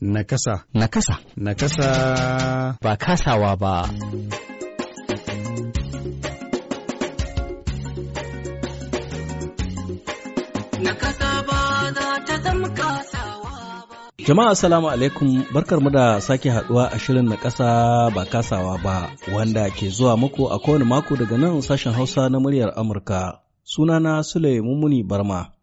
Nakasa. Nakasa. Nakasa. Ba kasawa ba. kasa ba za ta zama kasawa ba. Jama'a Salamu alaikum barkar mu da sake haduwa a shirin na ƙasa ba kasawa ba wanda ke zuwa muku a kowane mako daga nan sashen Hausa na muryar Amurka. Sunana Sule Mummuni Barma.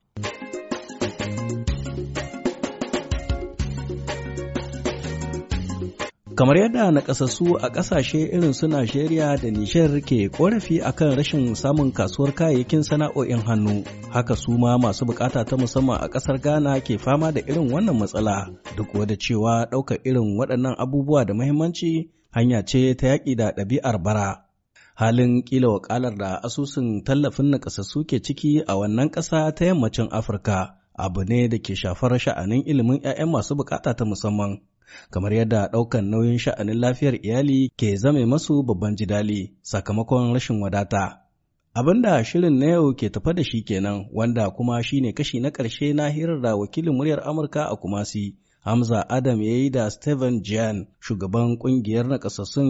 kamar yadda kasassu a ƙasashe irin su Najeriya da Nijar ke korafi kan rashin samun kasuwar kayayyakin sana'o'in hannu haka su ma masu bukata ta musamman a ƙasar Ghana ke fama da irin wannan matsala duk da cewa ɗaukar irin waɗannan abubuwa da muhimmanci hanya ce ta yaƙi da ɗabi'ar bara halin kila wakalar da asusun tallafin naƙasassu ke ciki a wannan ƙasa ta yammacin Afirka abu ne da ke shafar sha'anin ilimin 'ya'yan masu bukata ta musamman kamar yadda ɗaukan nauyin sha'anin lafiyar iyali ke zame masu babban jidali sakamakon rashin wadata. Abin da shirin na yau ke tafa da shi kenan wanda kuma shi ne kashi na ƙarshe na hirar da wakilin muryar Amurka a Kumasi, Hamza Adam ya yi da Steven Jan shugaban ƙungiyar na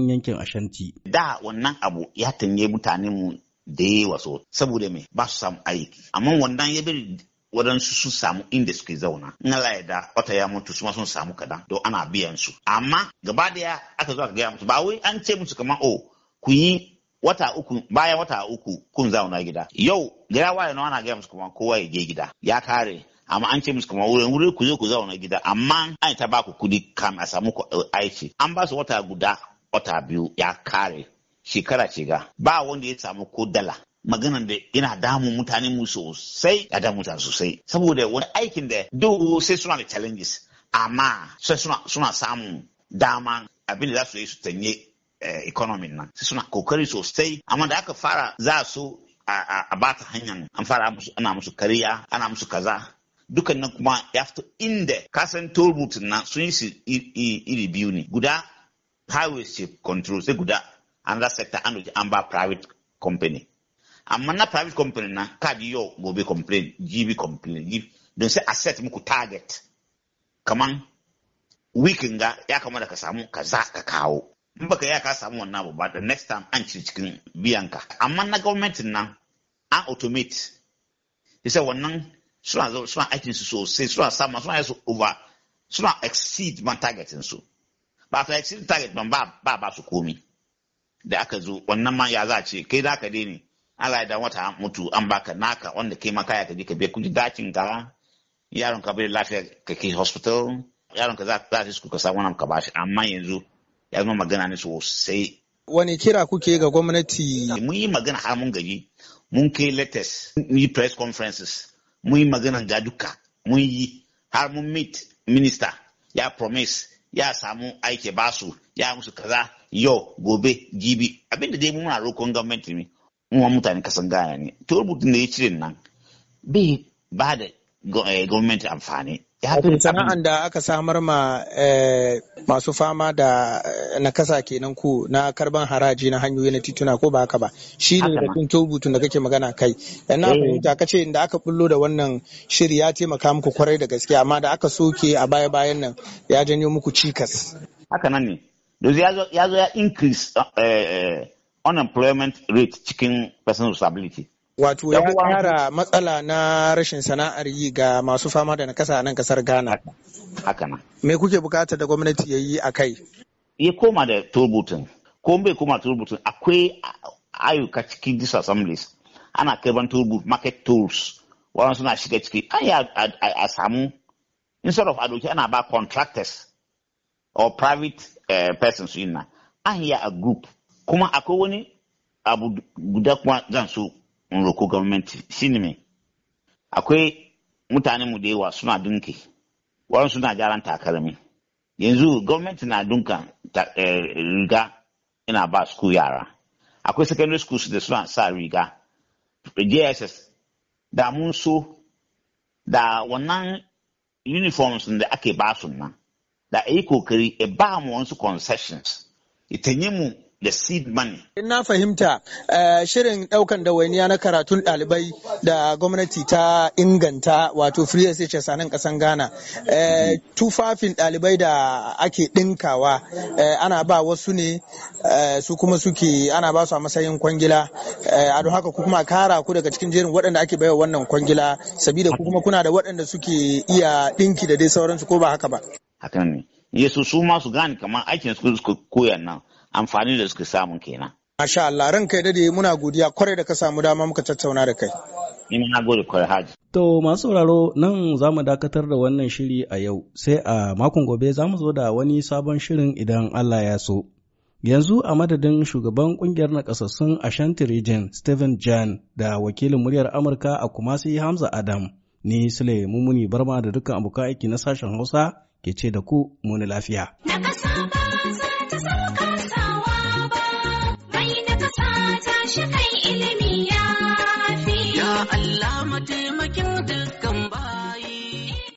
yankin Ashanti. Da wannan abu ya tanye mutanenmu da yawa so saboda me ba su samu aiki amma wannan ya bi waɗansu sun samu inda suke zauna in Allah wata ya mutu su sun samu kadan don ana biyan su amma gaba daya aka zo aka gaya musu ba wai an ce musu kamar o oh, ku yi wata uku bayan wata uku kun zauna gida yau gaya waye na ana gaya musu kamar kowa ya je gida ya kare amma an ce musu kamar wurin wuri ku zo ku zauna gida amma an ta ba ku kudi kam a samu ku aiki an ba su wata guda wata biyu ya kare shekara shiga ba wanda ya samu ko dala maganan da yana damun mutane mu sosai ya damu mutane sosai saboda wani aikin da duk sai suna da challenges amma sai suna samun dama abin da za su yi su tanye eh, economy nan sai suna kokari sosai amma da aka fara za su a ba ta hanyar an fara ana musu kariya ana musu kaza dukan nan kuma ya fito inda kasan tollbooth nan sun yi iri biyu ne guda highway control sai guda another sector an ba private company amma na private company na kaji yau gobe complain gb complain don sai asset muku target kaman wikin ga ya da ka samu kaza ka kawo in baka ya ka samu wannan abu ba da next time an ci cikin biyanka amma na government nan an automate yasa wannan suna zo suna aikin su sosai suna sama suna yasu over suna exceed man targetin su ba ta exceed target ban ba ba su komi da aka zo wannan ma ya za ce kai za ka daina Allah ya damu ta mutu an baka naka wanda kai ma kaya ka je ka biya kuɗi dakin ka yaron ka bai lafiya ka ke hospital yaron ka za ta su ka samu ka bashi amma yanzu ya zama magana ne sosai wani kira kuke ga gwamnati mun yi magana har mun gaji mun kai letters, mun yi press conferences mun yi magana ga duka mun yi har mun meet minister ya promise ya samu aiki basu ya musu kaza yau gobe jibi abinda dai muna roƙon gwamnati ne wa mutane kasan gana ne to rubutun da ya cire nan bai ba da eh, gwamnati amfani sana'an da aka samar ma eh, masu fama da eh, nakasa kenan ko na karban haraji na hanyoyi na tituna ko ba haka ba shi ne da tun tobutun da kake magana kai Ina na fahimta ka ce inda aka bullo da wannan shiri ya taimaka muku kwarai da gaske amma da aka soke a baya bayan nan ya janyo muku cikas haka nan ne ya zo ya increase unemployment rate cikin person disability. Wato ya kara matsala na rashin sana'ar yi ga masu fama da nakasa a nan kasar Ghana. Haka na. Me kuke bukata da gwamnati ya yi a kai? Ya koma da turbutun. Ko bai koma turbutun akwai ayyuka cikin disassemblies. Ana kai ban turbut market tools. Wani suna shiga ciki. An a samu instead of adoki ana ba contractors or private eh, persons yin na. An yi a group kuma akwai wani abu guda kuma zan so in roko gwamnati akwai mutane mu da yawa suna dunke wani suna gyaran takalmi yanzu gwamnati na dunkan eh, riga ina ba school yara akwai secondary schools da suna sa riga jss da mun so da wannan uniforms da ake ba su nan da a yi kokari a ba mu wasu concessions ita mu da seed money. In na fahimta eh, shirin daukan dawainiya na karatun ɗalibai da gwamnati ta inganta wato free SHS a nan ƙasan Ghana. Eh, tufafin ɗalibai da ake ɗinkawa eh, ana ba wasu ne su kuma suke ana ba su a matsayin kwangila. A don haka kuma kara ku daga cikin jerin waɗanda ake baiwa wannan kwangila sabida ku kuma kuna da waɗanda suke iya ɗinki da dai sauransu ko ba haka ba. Hakan ne. Yesu su ma su gane kamar aikin su koyan nan. amfani da suka samu kenan. Masha Allah ran kai dade muna godiya kwarai da ka samu dama muka tattauna da kai. Ina na gode kwarai haji. To masu sauraro nan za mu dakatar da wannan shiri a yau sai a makon gobe za mu zo da wani sabon shirin idan Allah ya so. Yanzu a madadin shugaban kungiyar nakasassun Ashanti Region Stephen Jan da wakilin muryar Amurka a Kumasi Hamza Adam ni Sule Mumuni Barma da dukkan abokan aiki na sashen Hausa ke ce da ku muni lafiya. Na ƙasa ba za ta sauka sawa ba, mai na ƙasa ta shi kai.